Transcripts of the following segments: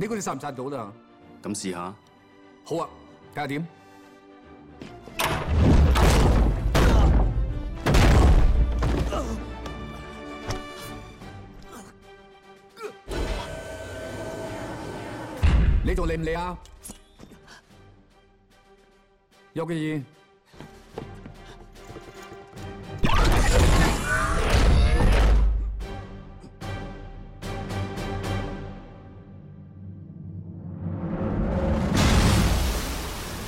你嗰啲殺唔殺到啦？咁試下，好啊，睇下點。你做嚟唔嚟啊？有嘅嘢。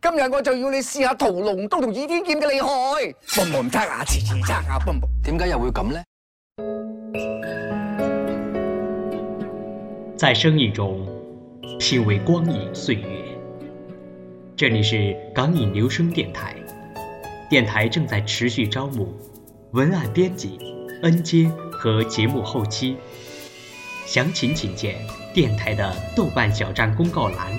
今日我就要你試下屠龍刀同倚天劍嘅厲害。崩崩差牙齒，差牙齒，崩點解又會咁呢？在聲音中品味光影歲月，這裏是港影留聲電台，電台正在持續招募文案編輯、NJ 和節目後期，詳情請，請見電台的豆瓣小站公告欄。